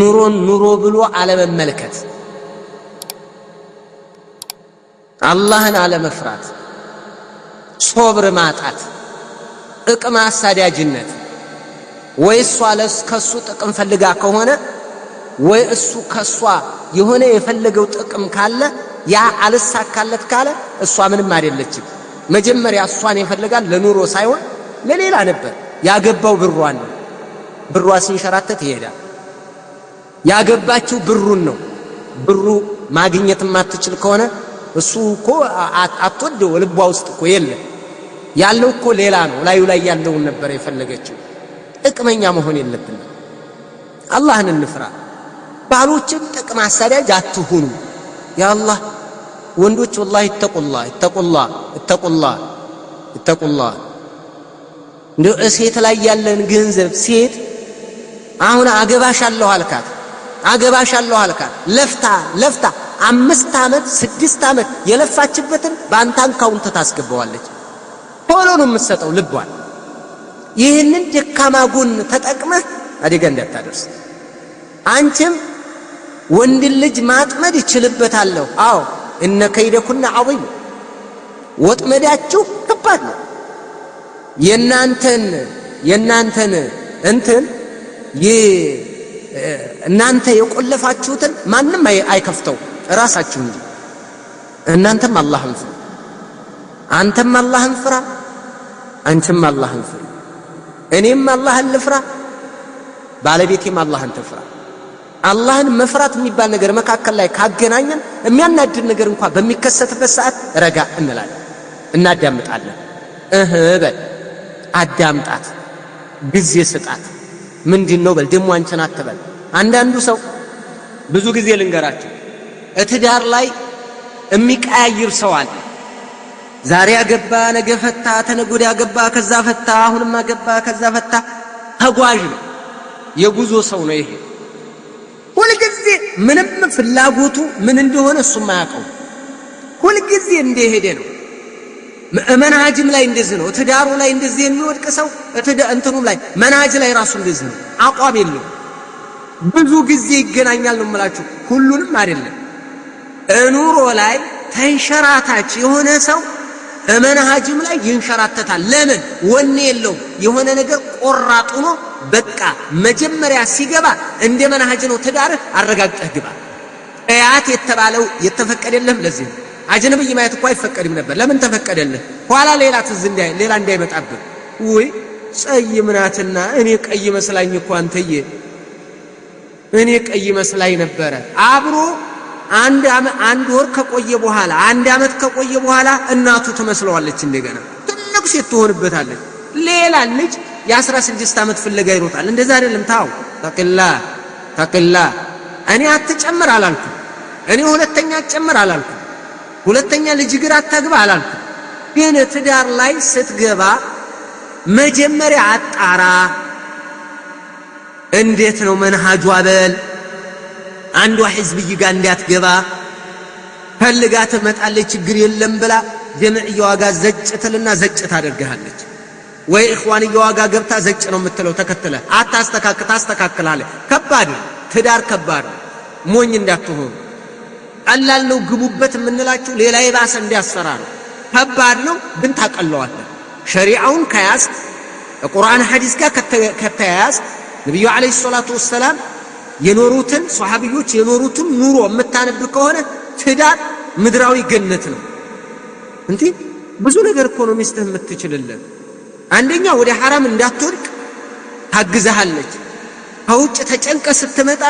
ኑሮን ኑሮ ብሎ አለመመልከት፣ አላህን አለመፍራት፣ ሶብር ማጣት፣ ጥቅም አሳዳጅነት ወይ እሷ ከሱ ጥቅም ፈልጋ ከሆነ ወይ እሱ ከሷ የሆነ የፈለገው ጥቅም ካለ ያ አልሳካለት ካለ እሷ ምንም አይደለችም። መጀመሪያ እሷን ይፈልጋል ለኑሮ ሳይሆን ለሌላ ነበር። ያገባው ብሯን ነው። ብሯ ሲንሸራተት ይሄዳል። ያገባችው ብሩን ነው። ብሩ ማግኘት ማትችል ከሆነ እሱ እኮ አትወደው፣ ልቧ ውስጥ እኮ የለም ያለው እኮ ሌላ ነው። ላዩ ላይ ያለውን ነበር የፈለገችው። ጥቅመኛ መሆን የለብንም። አላህን እንፍራ። ባሎችን ጥቅም አሳዳጅ አትሁኑ። ያአላህ ወንዶች ወላሂ እተቁላ እተቁላ እተቁላ እተቁላ። እንደ ሴት ላይ ያለን ገንዘብ ሴት አሁን አገባሽ አገባሻለሁ አልካት አገባሻለሁ አልካት። ለፍታ ለፍታ አምስት ዓመት ስድስት ዓመት የለፋችበትን በአንተ አካውንት ታስገባዋለች። ቶሎ ነው የምትሰጠው ልቧን። ይህንን ደካማ ጎን ተጠቅመህ አደጋ እንዳታደርስ። አንቺም ወንድ ልጅ ማጥመድ ይችልበታለሁ። አዎ እነ ከይደኩና ዐظም ወጥመዳችሁ ከባድ ነው። የናንተን የናንተን እንትን እናንተ የቆለፋችሁትን ማንም አይከፍተው ራሳችሁ እንጂ እናንተም አላህን ፍሩ። አንተም አላህን ፍራ፣ አንቺም አላህን ፍሩ፣ እኔም አላህን ልፍራ፣ ባለቤቴም አላህን ትፍራ። አላህን መፍራት የሚባል ነገር መካከል ላይ ካገናኘን የሚያናድድ ነገር እንኳ በሚከሰትበት ሰዓት ረጋ እንላለን፣ እናዳምጣለን። እህ በል አዳምጣት፣ ጊዜ ስጣት። ምንድን ነው በል ደሞ አንቺን አትበል። አንዳንዱ ሰው ብዙ ጊዜ ልንገራቸው፣ እትዳር ላይ የሚቀያይር ሰው አለ። ዛሬ አገባ፣ ነገ ፈታ፣ ተነጎዳ አገባ፣ ከዛ ፈታ፣ አሁንም አገባ፣ ከዛ ፈታ። ተጓዥ ነው፣ የጉዞ ሰው ነው። ይሄ ሁልጊዜ ምንም ፍላጎቱ ምን እንደሆነ እሱም አያውቀው፣ ሁልጊዜ እንደሄደ ነው። መናጅም ላይ እንደዚህ ነው። ትዳሩ ላይ እንደዚህ የሚወድቅ ሰው እንትኑም ላይ መናጅ ላይ ራሱ እንደዚህ ነው። አቋም የለው። ብዙ ጊዜ ይገናኛል ነው የምላችሁ። ሁሉንም አይደለም። እኑሮ ላይ ተንሸራታች የሆነ ሰው መንሃጅም ላይ ይንሸራተታል። ለምን ወኔ የለው። የሆነ ነገር ቆራጥ ነው። በቃ መጀመሪያ ሲገባ እንደ መናጅ ነው ትዳርህ፣ አረጋግጠህ ግባ። እያት የተባለው የተፈቀደልህም ለዚህ ነው። አጅነብይ ማየት እኮ አይፈቀድም ነበር። ለምን ተፈቀደልህ? ኋላ ሌላ ትዝ ሌላ እንዳይመጣብህ። ውይ ፀይም ናትና እኔ ቀይ መስላኝ እኮ አንተዬ፣ እኔ ቀይ መስላኝ ነበረ። አብሮ አንድ ወር ከቆየ በኋላ አንድ ዓመት ከቆየ በኋላ እናቱ ትመስለዋለች። እንደገና ትልቅ ሴት ትሆንበታለች። ሌላ ልጅ የአስራ ስድስት ዓመት ፍለጋ ይሮጣል። እንደዛ አይደለም። ታው ተቅላ ተቅላ እኔ አትጨምር አላልኩ። እኔ ሁለተኛ አትጨምር አላልኩ ሁለተኛ ልጅ ግር አታግባ አላልኩ። ግን ትዳር ላይ ስትገባ መጀመሪያ አጣራ። እንዴት ነው መንሃጇ? በል አንዷ ሕዝብይ ጋር እንዳትገባ ፈልጋ ትመጣለች። ችግር የለም ብላ ጀምዕያ ዋጋ ዘጭ ትልና ዘጭ ታደርግሃለች። ወይ እኽዋንያ ዋጋ ገብታ ዘጭ ነው የምትለው ተከትለ አታስተካክ ታስተካክላለህ። ከባድ ትዳር ከባድ ሞኝ እንዳትሆኑ ቀላል ነው ግቡበት የምንላችሁ ሌላ የባሰ እንዲያስፈራ ነው። ከባድ ነው ግን ታቀለዋለን። ሸሪዓውን ከያዝ ቁርአን ሐዲስ ጋር ከተያያዝ ነቢዩ ዓለይሂ ሰላቱ ወሰላም የኖሩትን ሰሓቢዮች የኖሩትን ኑሮ የምታነብ ከሆነ ትዳር ምድራዊ ገነት ነው። እንቲ ብዙ ነገር እኮ ነው ሚስትህ የምትችልልን። አንደኛ ወደ ሐራም እንዳትወድቅ ታግዛሃለች። ከውጭ ተጨንቀ ስትመጣ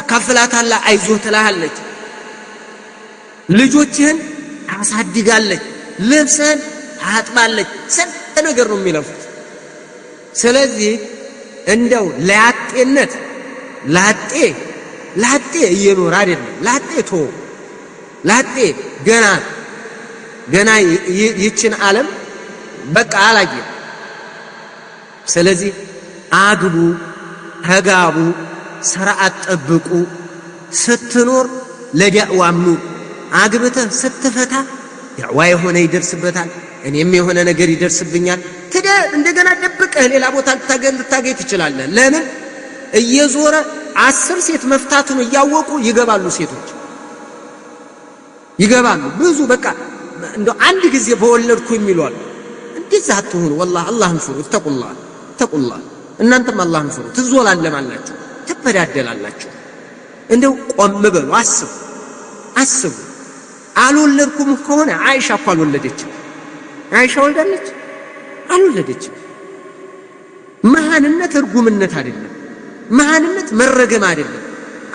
አካፍላታላ አይዞህ ትላሃለች። ልጆችህን አሳድጋለች ልብስህን አጥባለች ስንት ነገር ነው የሚለፉት። ስለዚህ እንደው ለያጤነት ላጤ ላጤ እየኖረ አይደለም። ላጤ ቶ ላጤ ገና ገና ይችን ዓለም በቃ አላየም። ስለዚህ አግቡ፣ ተጋቡ፣ ስርዓት ጠብቁ፣ ስትኖር ለዳዕዋም ኑ። አግብተ ስትፈታ ዳዕዋ የሆነ ይደርስበታል፣ እኔም የሆነ ነገር ይደርስብኛል። ትደ እንደገና ደብቀህ ሌላ ቦታ ልታገኝ ትችላለህ። ለምን እየዞረ አስር ሴት መፍታቱን እያወቁ ይገባሉ፣ ሴቶች ይገባሉ። ብዙ በቃ እንደ አንድ ጊዜ በወለድኩ የሚሉ አሉ። እንደዛ አትሆኑ። አላህን ፍሩ። ተቁላ ተቁላ እናንተም አላህን ፍሩ። ትዞላለማላችሁ፣ ትበዳደላላችሁ። እንደው ቆም በሉ፣ አስቡ፣ አስቡ። አልወለድኩም ከሆነ አይሻ እኮ አልወለደችም። አይሻ ወልዳለች? አልወለደችም። መሃንነት እርጉምነት አይደለም። መሃንነት መረገም አይደለም።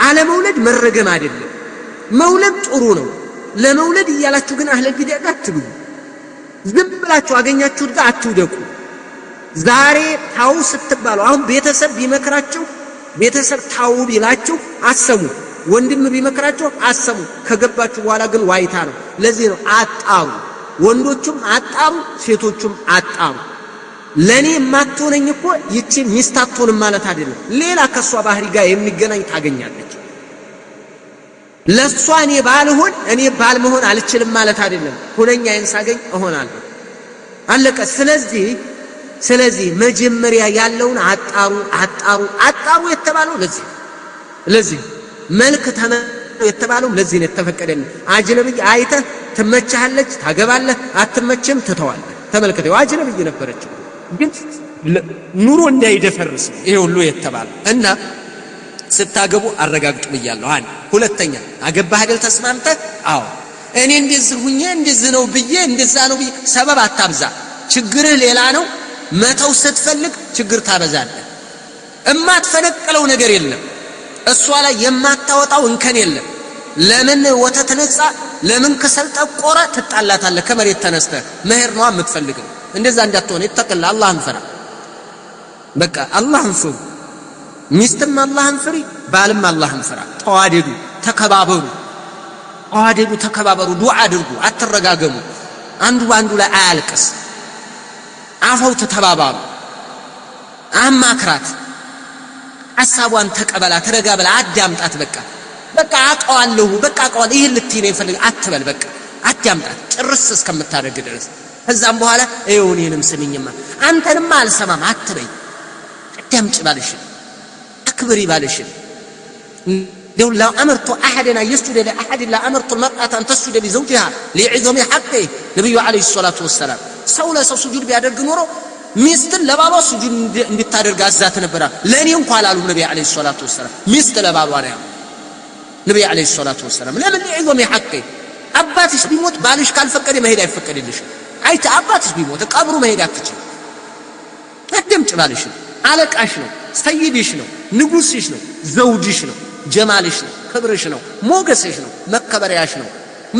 አለመውለድ መረገም አይደለም። መውለድ ጥሩ ነው። ለመውለድ እያላችሁ ግን አህለ ቢድዕ ጋር አትብሉ። ዝም ብላችሁ አገኛችሁት ጋር አትውደቁ። ዛሬ ታው ስትባሉ አሁን ቤተሰብ ቢመክራችሁ ቤተሰብ ታው ቢላችሁ አሰሙ ወንድም ቢመክራቸው አሰሙ። ከገባችሁ በኋላ ግን ዋይታ ነው። ለዚህ ነው አጣሩ፣ ወንዶቹም አጣሩ፣ ሴቶቹም አጣሩ። ለእኔ የማትሆነኝ እኮ ይቺ ሚስት አትሆንም ማለት አይደለም። ሌላ ከእሷ ባህሪ ጋር የሚገናኝ ታገኛለች። ለእሷ እኔ ባልሆን እኔ ባል መሆን አልችልም ማለት አይደለም። ሁነኛዬን ሳገኝ እሆናለሁ። አለቀ። ስለዚህ ስለዚህ መጀመሪያ ያለውን አጣሩ አጣሩ አጣሩ የተባለው ለዚህ ለዚህ መልክ ተመ የተባለው ለዚህ ነው የተፈቀደልን። አጅነብይ አይተህ ትመችሃለች፣ ታገባለህ፣ አትመችም፣ ትተዋለህ። ተመልከተው አጅነብይ ነበረችው፣ ግን ኑሮ እንዳይደፈርስ ይሄ ሁሉ የተባለ እና ስታገቡ አረጋግጡ ብያለሁ። አንድ ሁለተኛ አገባህ አይደል ተስማምተህ? አዎ እኔ እንደዚህ ሁኜ እንደዚህ ነው ብዬ እንደዛ ነው ብዬ ሰበብ አታብዛ። ችግርህ ሌላ ነው። መተው ስትፈልግ ችግር ታበዛለህ። እማትፈነቅለው ነገር የለም እሷ ላይ የማታወጣው እንከን የለም። ለምን ወተት ነጻ፣ ለምን ከሰል ጠቆረ ትጣላታለህ። ከመሬት ተነስተ መሄድ ነዋ የምትፈልገው። እንደዛ እንዳትሆነ ይተቅላ አላህን ፍራ። በቃ አላህን ፍሩ። ሚስትም አላህን ፍሪ፣ ባልም አላህን ፍራ። ተዋደዱ፣ ተከባበሩ። ተዋደዱ፣ ተከባበሩ። ዱዓ አድርጉ፣ አትረጋገሙ። አንዱ በአንዱ ላይ አያልቅስ። አፈው ተተባባሉ። አማክራት ሐሳቧን ተቀበላ ተረጋ ብላ አዳምጣት። በቃ በቃ አውቀዋለሁ በቃ አውቀዋለሁ ይህን ልትይ ነው የፈለገ አትበል። በቃ አዳምጣት ጭርስ እስከምታደርግ ድረስ። ከዛም በኋላ ይኸው እኔንም ስሚኝማ አንተንማ አልሰማም አትበይ። አዳምጪ ባልሽን፣ አክብሪ ባልሽን። እንደው ለአመርቱ አሐደና የስጁደ ለአሐድ ለአመርቱ ልመርአት አን ተስጁደ ሊዘውጅሃ ሊዕዞሚ ሐቄ ነቢዩ ዓለይሂ ሰላቱ ወሰላም ሰው ለሰው ስጁድ ቢያደርግ ኖሮ ሚስትን ለባሏ ሱጁድ እንድታደርግ አዛት ነበራ። ለእኔ እንኳ አላሉም ነቢ ዓለይሂ ሰላቱ ወሰላም። ሚስት ለባሏ ነው ያሉ ነቢ ዓለይሂ ሰላቱ ወሰላም። ለምን ሊዕዞም የሐቄ አባትሽ ቢሞት ባልሽ ካልፈቀደ መሄድ አይፈቀድልሽም። አይተ አባትሽ ቢሞት ቀብሩ መሄድ አትችል። አትደምጭ። ባልሽ ነው፣ አለቃሽ ነው፣ ሰይድሽ ነው፣ ንጉሥሽ ነው፣ ዘውድሽ ነው፣ ጀማልሽ ነው፣ ክብርሽ ነው፣ ሞገስሽ ነው፣ መከበሪያሽ ነው፣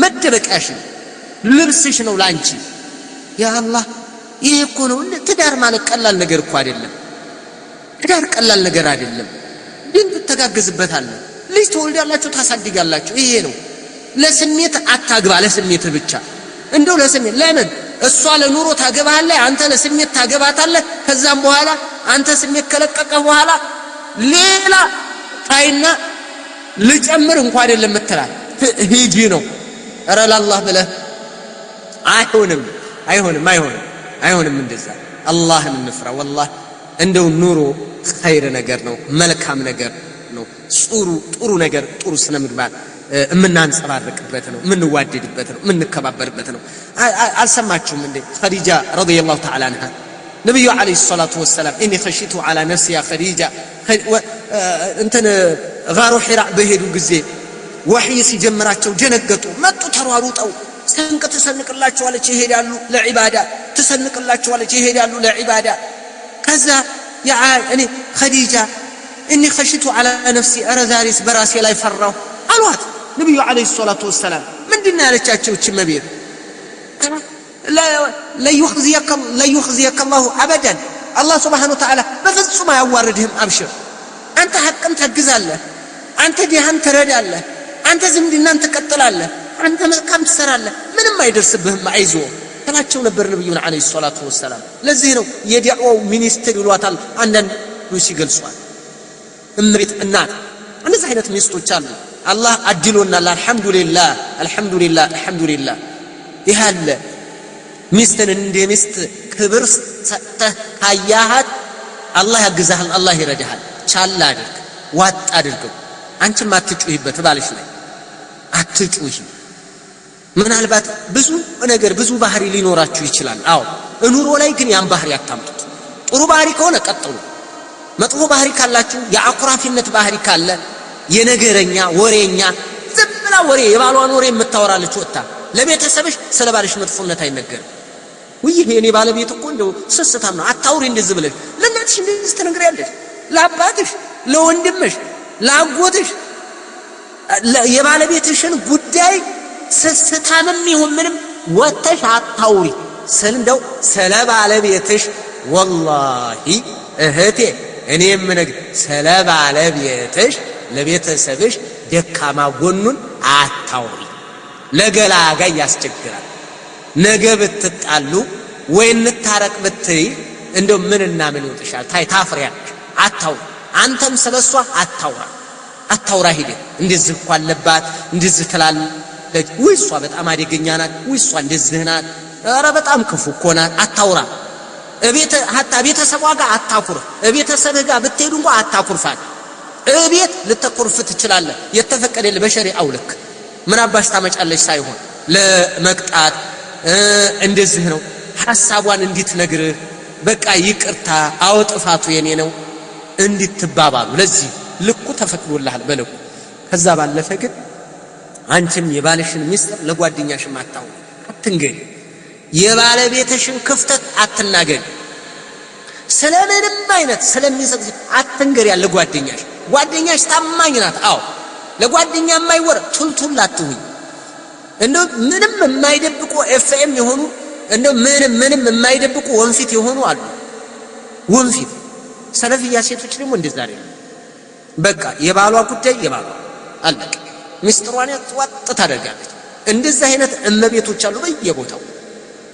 መደበቂያሽ ነው፣ ልብስሽ ነው ላንቺ ያ አላህ ይህ እኮ ነው ትዳር ማለት ቀላል ነገር እኮ አይደለም። ትዳር ቀላል ነገር አይደለም። ድንግ ትተጋገዝበታለህ። ልጅ ተወልዳላችሁ፣ ታሳድጋላችሁ። ይሄ ነው። ለስሜት አታግባ፣ ለስሜት ብቻ እንደው ለስሜት ለምን እሷ ለኑሮ ታገባለህ፣ አንተ ለስሜት ታገባታለህ። ከዛም በኋላ አንተ ስሜት ከለቀቀ በኋላ ሌላ ጣይና ልጨምር እንኳ አይደለም እምትላል ሂጂ ነው። ረላላህ ላላህ ብለህ አይሆንም፣ አይሆንም፣ አይሆንም። አይሆንም። እንደዛ አላህን እንፍራ። ወላሂ እንደው ኑሮ ኸይር ነገር ነው፣ መልካም ነገር ነው። ጥሩ ጥሩ ነገር ጥሩ ስነ ምግባር የምናንጸባርቅበት ነው፣ የምንዋደድበት ነው፣ የምንከባበርበት ነው። አልሰማችሁም እንዴ ኸዲጃ ረዲየላሁ ተዓላ አንሃ ነቢዩ ዓለይሂ ሰላቱ ወሰላም እኔ ኸሺቱ ዓላ ነፍሲ ያ ኸዲጃ እንትን ጋሮ ሒራ በሄዱ ጊዜ ወሕይ ሲጀምራቸው ደነገጡ። መጡ ተሯሩጠው ስንቅ ትሰንቅላችኋለች ይሄዳሉ ለዒባዳ ትሰንቅላችኋለች ይሄዳሉ ለዒባዳ ከዛ እኔ ኸዲጃ እኒ ኸሽቱ ዓላ ነፍሲ ኧረ ዛሬስ በራሴ ላይ ፈራሁ አሏት ነቢዩ ዓለይሂ ሰላቱ ወሰላም ምንድን ያለቻቸው እች መቤት ለዩኽዝየከ ላሁ አበዳን አላህ ስብሓን ወተዓላ በፍጹም አያዋርድህም አብሽር አንተ ሐቅን ታግዛለህ አንተ ዲሃን ትረዳለህ አንተ ዝምድናን ትቀጥላለህ አንተ መልካም ትሰራለህ፣ ምንም አይደርስብህም፣ አይዞ እላቸው ነበር ነቢዩን ዓለይሂ ሰላቱ ወሰላም። ለዚህ ነው የዲዕዋው ሚኒስትር ይሏታል አንዳንድ ሉሲ ይገልጿል። እመቤት እናት፣ እንደዚህ አይነት ሚስቶች አሉ። አላህ አድሎናል። አልሐምዱሊላህ አልሐምዱሊላህ አልሐምዱሊላህ። ይህ አለ ሚስትን እንደ ሚስት ክብር ሰጥተህ ካያሃት አላህ ያግዛሃል፣ አላህ ይረዳሃል። ቻላ አድርግ፣ ዋጥ አድርገው። አንቺም አትጩሂበት ባልሽ ላይ አትጩሂ ምናልባት ብዙ ነገር ብዙ ባህሪ ሊኖራችሁ ይችላል። አዎ እኑሮ ላይ ግን ያን ባህሪ አታምጡት። ጥሩ ባህሪ ከሆነ ቀጥሉ። መጥፎ ባህሪ ካላችሁ የአኩራፊነት ባህሪ ካለ የነገረኛ ወሬኛ፣ ዝም ብላ ወሬ የባሏን ወሬ የምታወራለች ወጥታ ለቤተሰብሽ ስለ ባልሽ መጥፎነት አይነገርም። ውይ የኔ ባለቤት እኮ እንደው ስስታም ነው፣ አታውሪ እንደዚህ ብለሽ ለእናትሽ እንደዚህ ትነግሪያለሽ፣ ለአባትሽ፣ ለወንድምሽ፣ ለአጎትሽ የባለቤትሽን ጉዳይ ስስታንም ይሁን ምንም ወተሽ አታውሪ ስል እንደው ስለ ባለቤትሽ ወላሂ እህቴ እኔ የምነግር ስለ ባለቤትሽ ለቤተሰብሽ ደካማ ጎኑን አታውሪ። ለገላጋይ ያስቸግራል። ነገ ብትጣሉ ወይ እንታረቅ ብትይ እንደው ምንና ምን ይወጥሻል? ታይ ታፍሪያለሽ። አታውሪ። አንተም ስለሷ አታውራ አታውራ። ሂደት እንደዚህ እኮ አለባት እንደዚህ ትላለህ ለጅ ውይ እሷ በጣም አደገኛ ናት፣ ውይ እሷ እንደዚህ ናት፣ ኧረ በጣም ክፉ እኮ ናት፣ አታውራ እቤት ሀታ ቤተሰቧ ጋር አታኩርፍ። ቤተሰብህ ጋር ብትሄዱ እንኳ አታኩርፋት። እቤት ልተኮርፍ ትችላለህ፣ የተፈቀደልህ በሸሪዓው ልክ። ምን አባሽ ታመጫለሽ? ሳይሆን ለመቅጣት እንደዚህ ነው። ሐሳቧን ነግር በቃ ይቅርታ፣ አዎ ጥፋቱ የኔ ነው እንዲትባባሉ። ለዚህ ልኩ ተፈቅዶልሃል በልኩ። ከዛ ባለፈ ግን አንቺም የባልሽን ሚስጥር ለጓደኛሽም አታውቂ፣ አትንገሪ። የባለቤትሽን ክፍተት አትናገሪ። ስለምንም አይነት ስለሚሰጥ አትንገሪ ያለ ጓደኛሽ። ጓደኛሽ ታማኝ ናት። አዎ ለጓደኛ የማይወር ቱልቱል አትሁኝ። እንደው ምንም የማይደብቁ ኤፍኤም የሆኑ እንደው ምንም ምንም የማይደብቁ ወንፊት የሆኑ አሉ። ወንፊት ሰለፍያ ሴቶች ደግሞ እንደዛ አይደለም። በቃ የባሏ ጉዳይ የባሏ አለቀ። ሚስጥሯን ዋጥ ታደርጋለች። እንደዚህ አይነት እመቤቶች አሉ በየቦታው።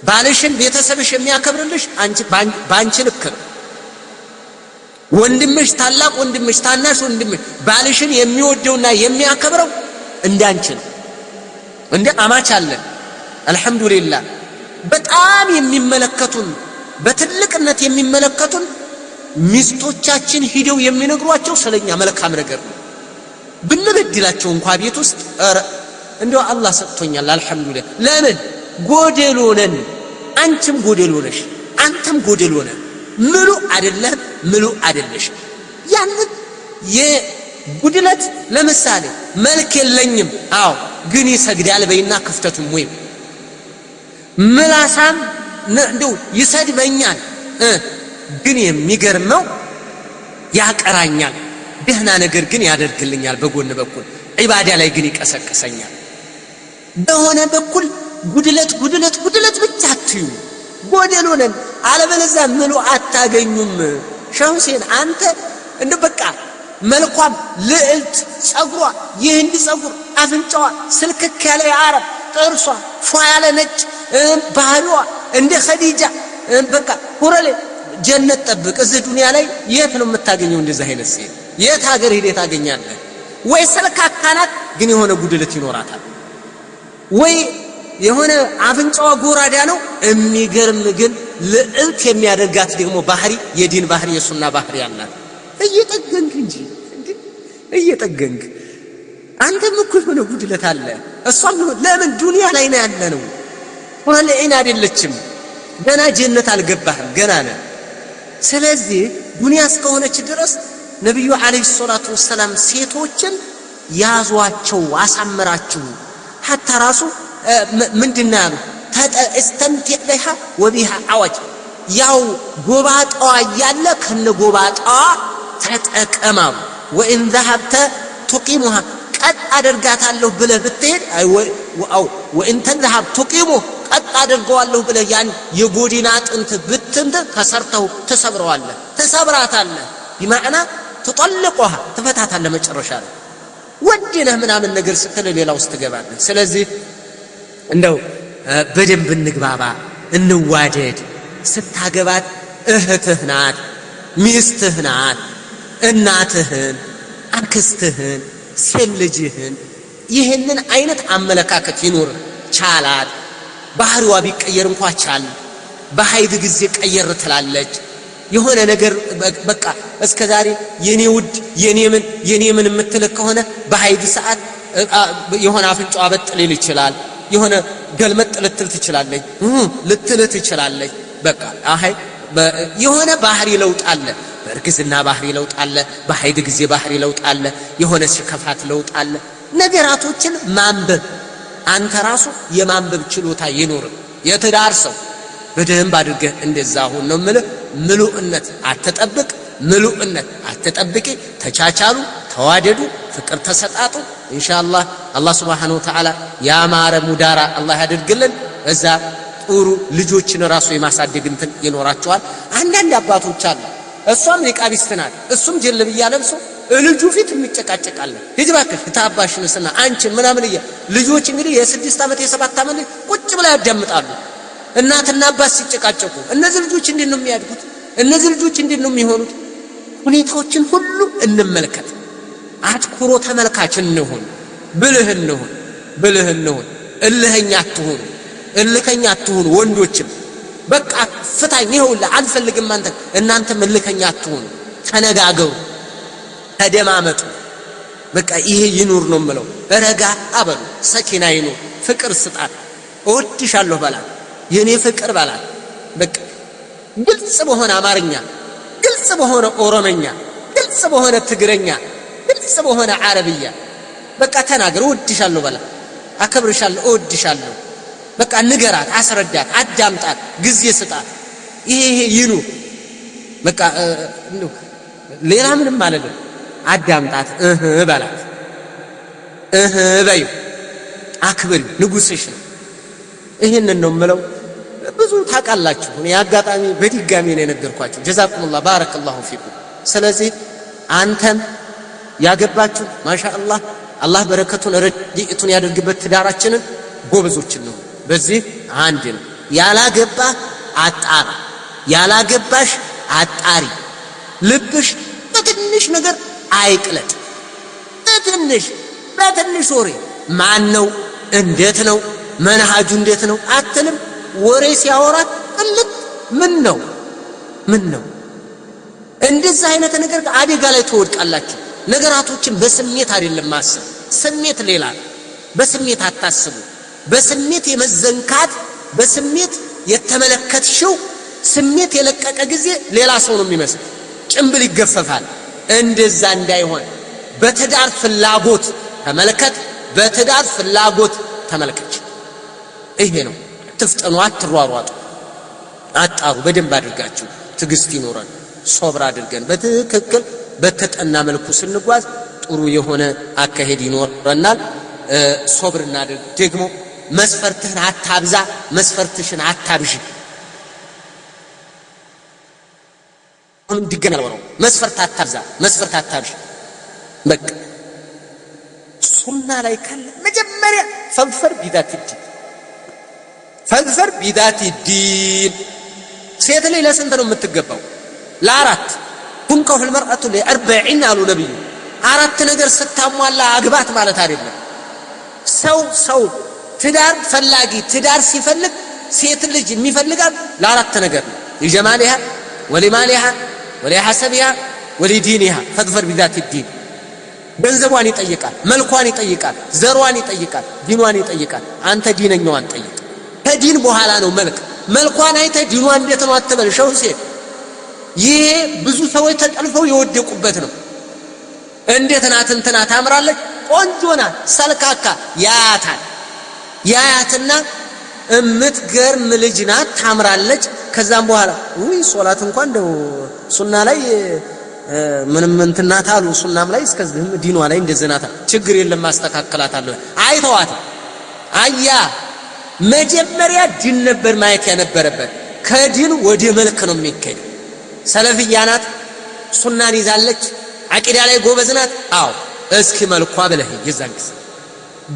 ባልሽን ቤተሰብሽ የሚያከብርልሽ ባንቺ ልክ ነው። ወንድምሽ፣ ታላቅ ወንድምሽ፣ ታናሽ ወንድምሽ ባልሽን የሚወደውና የሚያከብረው እንዳንቺ ነው። እንደ አማች አለን አልሐምዱሊላ በጣም የሚመለከቱን በትልቅነት የሚመለከቱን ሚስቶቻችን ሂደው የሚነግሯቸው ስለኛ መልካም ነገር ነው። ብንበድላቸው እንኳ ቤት ውስጥ ኧረ እንደው አላህ ሰጥቶኛል አልሐምዱሊላህ። ለምን ጎደሎ ነን? አንቺም ጎደሎ ነሽ፣ አንተም ጎደሎ ነህ። ምሉ አይደለም፣ ምሉ አይደለሽ። ያንን የጉድለት ለምሳሌ መልክ የለኝም፣ አዎ ግን ይሰግዳል በይና ክፍተቱም ወይም ምላሳም እንደው ይሰድበኛል፣ ግን የሚገርመው ያቀራኛል ደህና ነገር ግን ያደርግልኛል፣ በጎን በኩል ዒባዳ ላይ ግን ይቀሰቅሰኛል። በሆነ በኩል ጉድለት ጉድለት ጉድለት ብቻ አትዩ፣ ጎደል ሆነን አለበለዚያ ምሉ አታገኙም። ሸህ ሁሴን አንተ እንደ በቃ መልኳም ልዕልት ጸጉሯ የህንድ ጸጉር አፍንጫዋ ስልክክ ያለ የአረብ ጥርሷ ፏ ያለ ነጭ ባህሪዋ እንደ ኸዲጃ በቃ ሁረሌ ጀነት ጠብቅ። እዚህ ዱንያ ላይ የት ነው የምታገኘው እንደዚህ አይነት ሴት? የት ሀገር ሂደህ ታገኛለህ? ወይ ሰልካካ ናት፣ ግን የሆነ ጉድለት ይኖራታል። ወይ የሆነ አፍንጫዋ ጎራዳ ነው። የሚገርም ግን ልዕልት የሚያደርጋት ደግሞ ባህሪ የዲን ባህሪ የሱና ባህሪ አላት። እየጠገንክ እንጂ እየጠገንክ አንተም እኮ የሆነ ጉድለት አለ። እሷም ለምን ዱንያ ላይ ነው ያለ ነው። ቁርአን እና አይደለችም። ገና ጀነት አልገባህም። ገና ነህ። ስለዚህ ዱንያ እስከሆነች ድረስ ነቢዩ ዓለይሂ ሰላቱ ወሰላም ሴቶችን ያዟቸው፣ አሳምራችሁ ሀታ ራሱ ምንድና ያሉ እስተምቲዕ በይሃ ወቢሃ አዋጅ ያው ጎባጣዋ እያለ ከነ ጎባጣዋ ተጠቀማሉ። ወኢን ዘሀብተ ቱቂሙሃ ቀጥ አደርጋታለሁ ብለህ ብትሄድ ወኢን ተዘሀብ ቱቂሙ ቀጥ አደርገዋለሁ ብለህ ያን የጎዲና አጥንት ብትንት ከሰርተው ትሰብረዋለህ፣ ትሰብራታለህ ቢማዕና ትጠልቆሃ ትፈታታለህ። መጨረሻ ነው ወድነህ ምናምን ነገር ስትል ሌላ ውስጥ ትገባለህ። ስለዚህ እንደው በደንብ እንግባባ፣ እንዋደድ። ስታገባት እህትህ ናት፣ ሚስትህ ናት። እናትህን፣ አክስትህን፣ ሴት ልጅህን ይህንን አይነት አመለካከት ይኑር። ቻላት ባህሪዋ ቢቀየር እንኳ ቻል በሀይድ ጊዜ ቀየር ትላለች። የሆነ ነገር በቃ እስከ ዛሬ የኔ ውድ የኔ ምን የኔ ምን የምትልክ ከሆነ በሀይድ ሰዓት የሆነ አፍንጫዋ በጥልል ይችላል። የሆነ ገልመጥ ልትል ትችላለች፣ ልትል ትችላለች። በቃ አይ የሆነ ባህሪ ለውጥ አለ። በእርግዝና ባህሪ ለውጥ አለ። በሀይድ ጊዜ ባህሪ ለውጥ አለ። የሆነ ሲከፋት ለውጥ አለ። ነገራቶችን ማንበብ አንተ ራሱ የማንበብ ችሎታ ይኖርም። የትዳር ሰው በደንብ አድርገህ እንደዛ ሁን ነው የምልህ። ምሉእነት አትጠብቅ፣ ምሉእነት አትጠብቂ። ተቻቻሉ፣ ተዋደዱ፣ ፍቅር ተሰጣጡ። ኢንሻአላህ አላህ ሱብሓነሁ ወተዓላ ያማረ ሙዳራ አላህ ያድርግልን። እዛ ጥሩ ልጆችን ራሱ የማሳደግ እንትን ይኖራቸዋል። አንዳንድ አባቶች አሉ፣ እሷም ኒቃቢስት ናት፣ እሱም ጀልብያ ለብሶ ልጁ ፊት የሚጨቃጨቃለን ሂጅ እባክሽ ታባሽ ንስና ምናምን እያ ልጆች እንግዲህ የስድስት ዓመት የሰባት ዓመት ቁጭ ብላ ያዳምጣሉ። እናትና አባት ሲጨቃጨቁ እነዚህ ልጆች እንዴት ነው የሚያድጉት? እነዚህ ልጆች እንዴት ነው የሚሆኑት? ሁኔታዎችን ሁሉ እንመልከት። አትኩሮ ተመልካች እንሁን፣ ብልህ እንሁን፣ ብልህ እንሁን። እልህኛ አትሁኑ፣ እልከኛ አትሁኑ። ወንዶችም በቃ ፍታኝ፣ ይኸውልህ አልፈልግም አንተ። እናንተም እልከኛ አትሁኑ፣ ተነጋገሩ፣ ተደማመጡ። በቃ ይሄ ይኑር ነው የምለው። ረጋ አበሉ፣ ሰኪና ይኑር። ፍቅር ስጣት፣ እወድሻለሁ በላት የኔ ፍቅር ባላት በቃ ግልጽ በሆነ አማርኛ፣ ግልጽ በሆነ ኦሮመኛ፣ ግልጽ በሆነ ትግረኛ፣ ግልጽ በሆነ አረብያ በቃ ተናገር። እወድሻለሁ በላት፣ አከብርሻለሁ፣ እወድሻለሁ። በቃ ንገራት፣ አስረዳት፣ አዳምጣት፣ ጊዜ ስጣት። ይሄ ይሄ ይኑ በቃ ሌላ ምንም ማለት ነው። አዳምጣት፣ እህ በላት፣ እህ በዩ፣ አክብሪ፣ ንጉሥሽ ነው። ይህንን ነው የምለው። ብዙ ታውቃላችሁ። እኔ አጋጣሚ በድጋሚ ነው የነገርኳችሁ። ጀዛኩሙላህ ባረከላሁ ፊኩም። ስለዚህ አንተም ያገባችሁ ማሻአላህ አላህ በረከቱን ረድኤቱን ያደርግበት ትዳራችንን ጎበዞችን ነው። በዚህ አንድ ነው። ያላገባ አጣራ፣ ያላገባሽ አጣሪ። ልብሽ በትንሽ ነገር አይቅለጥ። በትንሽ በትንሽ ወሬ ማን ነው እንዴት ነው መንሃጁ እንዴት ነው አትልም ወሬ ሲያወራት ጥልቅ ምን ነው ምን ነው? እንደዚህ አይነት ነገር አደጋ ላይ ትወድቃላችሁ። ነገራቶችን በስሜት አይደለም ማሰብ፣ ስሜት ሌላ በስሜት አታስቡ። በስሜት የመዘንካት በስሜት የተመለከትሽው ስሜት የለቀቀ ጊዜ ሌላ ሰው ነው የሚመስል፣ ጭምብል ይገፈፋል። እንደዛ እንዳይሆን በትዳር ፍላጎት ተመልከት፣ በትዳር ፍላጎት ተመልከች። ይሄ ነው። አትፍጠኑ፣ አትሯሯጡ፣ አጣሩ በደንብ አድርጋችሁ። ትግስት ይኖረን፣ ሶብር አድርገን በትክክል በተጠና መልኩ ስንጓዝ ጥሩ የሆነ አካሄድ ይኖረናል። ሶብር እናድርግ። ደግሞ መስፈርትህን አታብዛ፣ መስፈርትሽን አታብዥ። እንዲገና ነው መስፈርት አታብዛ፣ መስፈርት አታብዥ። በቃ ሱና ላይ ካለ መጀመሪያ ፈንፈር ቢዳት ፈግዘር ቢዛቲ ዲን ሴት ላይ ለስንት ነው የምትገባው? ለአራት ቱንቀሑል መርአቱ ሊአርበዒን አሉ ነቢዩ። አራት ነገር ስታሟላ አግባት ማለት አይደለም። ሰው ሰው ትዳር ፈላጊ ትዳር ሲፈልግ ሴት ልጅ የሚፈልጋት ለአራት ነገር ነው። ሊጀማሊሃ ወሊማሊሃ ወሊሐሰቢሃ ወሊዲኒሃ ፈግፈር ቢዛቲ ዲን። ገንዘቧን ይጠይቃል፣ መልኳን ይጠይቃል፣ ዘሯን ይጠይቃል፣ ዲኗን ይጠይቃል። አንተ ዲነኛዋን ጠይቅ። ከዲን በኋላ ነው መልክ። መልኳን አይተ ዲኗ እንዴት ነው አትበል። ሸውሴ ይሄ ብዙ ሰዎች ተጠልፈው የወደቁበት ነው። እንዴት ናት? እንትና ታምራለች፣ ቆንጆ ናት፣ ሰልካካ ያያታል ያያትና እምትገርም ልጅ ናት፣ ታምራለች። ከዛም በኋላ ውይ ሶላት እንኳን እንደው ሱና ላይ ምንም እንትን አሉ። ሱናም ላይ እስከዚህም ዲኗ ላይ እንደዚህ ችግር የለም አስተካክላታለሁ። አይተዋት አያ መጀመሪያ ድን ነበር ማየት ያነበረበት። ከድን ወደ መልክ ነው የሚገኝ። ሰለፍያ ናት፣ ሱናን ይዛለች፣ አቂዳ ላይ ጎበዝ ናት። አዎ እስኪ መልኳ ብለህ የዛን ጊዜ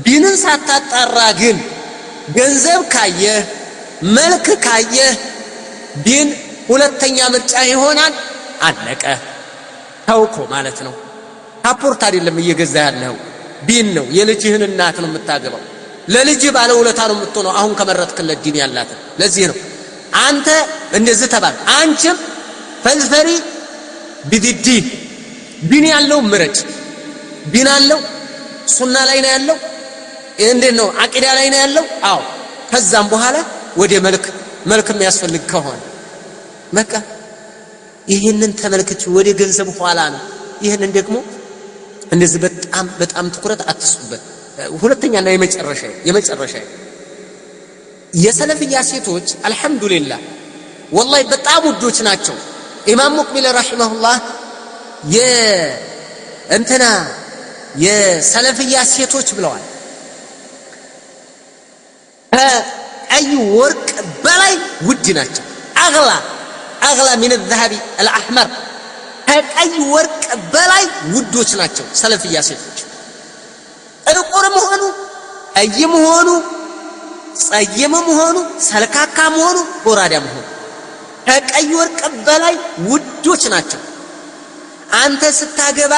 ዲንን ሳታጣራ ግን ገንዘብ ካየህ መልክ ካየህ ዲን ሁለተኛ ምርጫ ይሆናል። አለቀ። ተውኮ ማለት ነው። ካፖርት አይደለም እየገዛ ያለው ዲን ነው። የልጅህን እናት ነው የምታገባው። ለልጅ ባለውለታ ነው የምትሆነው። አሁን ከመረጥክለት ዲን ያላትን ለዚህ ነው አንተ እንደዚህ ተባል። አንቺም ፈልፈሪ ቢዲዲን ዲን ያለው ምረጭ። ዲን አለው ሱና ላይ ነው ያለው። እንዴት ነው አቂዳ ላይ ነው ያለው? አዎ። ከዛም በኋላ ወደ መልክ መልክ የሚያስፈልግ ከሆነ በቃ ይህንን ተመልክች። ወደ ገንዘብ ኋላ ነው። ይህንን ደግሞ እንደዚህ በጣም በጣም ትኩረት አትስጡበት። ሁለተኛና የመጨረሻ የመጨረሻ የሰለፍያ ሴቶች አልሐምዱሊላህ ወላሂ በጣም ውዶች ናቸው። ኢማም ሙቅቢል ረሂመሁላህ የእንትና የሰለፍያ ሴቶች ብለዋል። ከቀይ ወርቅ በላይ ውድ ናቸው። አግላ አግላ ሚን ዛሀቢ አልአሕመር ከቀይ ወርቅ በላይ ውዶች ናቸው ሰለፍያ ሴቶች። ጥቁር መሆኑ፣ ቀይ መሆኑ፣ ጸይም መሆኑ፣ ሰልካካ መሆኑ፣ ጎራዳ መሆኑ ከቀይ ወርቅ በላይ ውዶች ናቸው። አንተ ስታገባ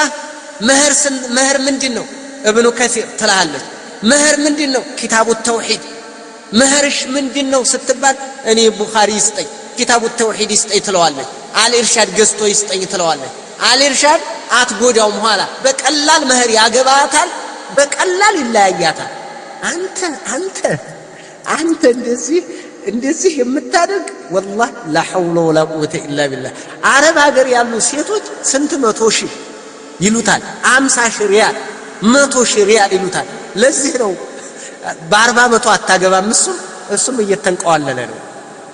መህር መህር ምንድን ነው? እብኑ ከሲር ትልሃለች። መህር ምንድን ነው? ኪታቡ ተውሂድ። መህርሽ ምንድን ነው ስትባል እኔ ቡኻሪ ይስጠኝ ኪታቡ ተውሂድ ይስጠኝ ትለዋለች። አልኢርሻድ ገዝቶ ይስጠኝ ትለዋለች። አልኢርሻድ አትጎዳውም ኋላ በቀላል መህር ያገባታል። በቀላል ይለያያታል። አንተ አንተ አንተ እንደዚህ እንደዚህ የምታደርግ ወላህ ላሐውለ ወላ ቁወተ ኢላ ቢላህ። አረብ ሀገር ያሉ ሴቶች ስንት መቶ ሺህ ይሉታል፣ አምሳ ሺህ ሪያል፣ መቶ ሺህ ሪያል ይሉታል። ለዚህ ነው በአርባ መቶ አታገባም። እሱም እሱም እየተንቀዋለለ ነው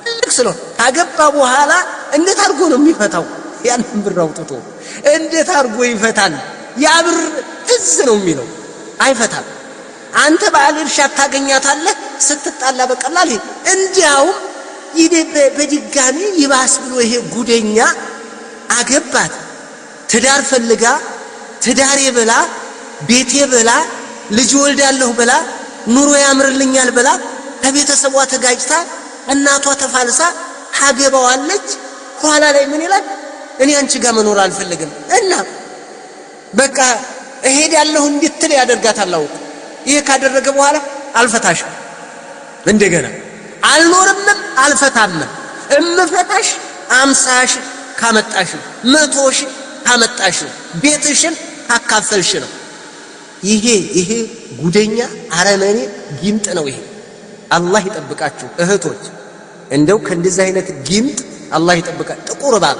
ትልቅ ስለሆነ ካገባ በኋላ እንዴት አድርጎ ነው የሚፈታው? ያንን ብር አውጥቶ እንዴት አድርጎ ይፈታል? ያ ብር ትዝ ነው የሚለው አይፈታም። አንተ ባል እርሻ ታገኛታለህ ስትጣላ በቀላል ይሄ እንዲያውም በድጋሚ ይባስ ብሎ ይሄ ጉደኛ አገባት ትዳር ፈልጋ ትዳሬ ብላ ቤቴ ብላ ልጅ ወልዳለሁ ብላ ኑሮ ያምርልኛል ብላ ከቤተሰቧ ተጋጭታ እናቷ ተፋልሳ አገባዋለች። ኋላ ላይ ምን ይላል? እኔ አንቺ ጋር መኖር አልፈልግም እና በቃ እሄዳለሁ እንድትል ያደርጋታል። አውቁ ይሄ ካደረገ በኋላ አልፈታሽ እንደገና አልኖርምም አልፈታምም እምፈታሽ አምሳሽ ካመጣሽ መቶሽ ካመጣሽ ቤትሽን ካካፈልሽ ነው። ይሄ ይሄ ጉደኛ አረመኔ ጊምጥ ነው። ይሄ አላህ ይጠብቃችሁ እህቶች፣ እንደው ከእንደዚህ አይነት ጊምጥ አላህ ይጠብቃል። ጥቁር እባብ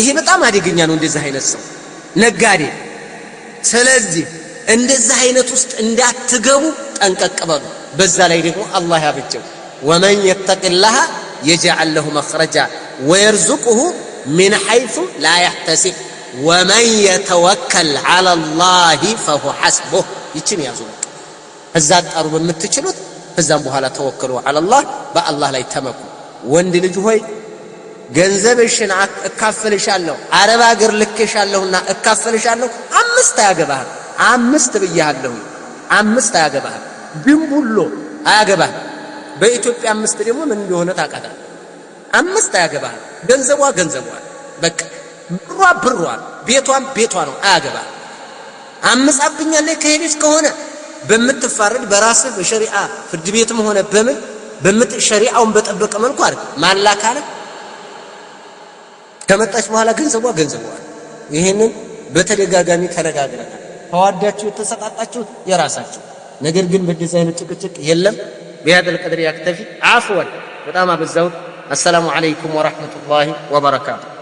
ይሄ በጣም አደገኛ ነው። እንደዚህ አይነት ሰው ነጋዴ ስለዚህ እንደዚህ አይነት ውስጥ እንዳትገቡ ጠንቀቅ በሉ። በዛ ላይ ደግሞ አላህ ያበጀው ወመን የተቅላሃ የጀዐል ለሁ መኽረጃ ወየርዙቅሁ ሚን ሐይሱ ላ ያሕተሲብ ወመን የተወከል ዐለላሂ ፈሁ ሐስቡህ። ይችን ያዙ። እዛ አጣሩ በምትችሉት እዛም በኋላ ተወከሉ ዐለላህ፣ በአላህ ላይ ተመኩ። ወንድ ልጅ ሆይ ገንዘብሽን እካፍልሻለሁ፣ አረብ አገር ልኬሻለሁና እካፍልሻለሁ አምስት አያገባህም። አምስት ብያለሁ። አምስት አያገባህም። ድንቡሎ አያገባህም። በኢትዮጵያ አምስት ደግሞ ምን እንደሆነ ታውቃታለህ። አምስት አያገባህም። ገንዘቧ ገንዘቧ፣ በቃ ብሯ ብሯ፣ ቤቷም ቤቷ ነው። አያገባህም። አምጻብኛለች ከሄደች ከሆነ በምትፋረድ በራስህ በሸሪዓ ፍርድ ቤትም ሆነ በምን በምት ሸሪዓውን በጠበቀ መልኩ አድርግ። ማላካለ ካለ ከመጣች በኋላ ገንዘቧ ገንዘቧ ይሄንን በተደጋጋሚ ተነጋግረናል። ተዋዳችሁ የተሰጣጣችሁት የራሳችሁ ነገር ግን በእንደዚህ አይነት ጭቅጭቅ የለም። ቢሀደል ቀድር ያክተፊ አፍወን በጣም አበዛሁት። አሰላሙ አለይኩም ወረሕመቱላሂ ወበረካቱ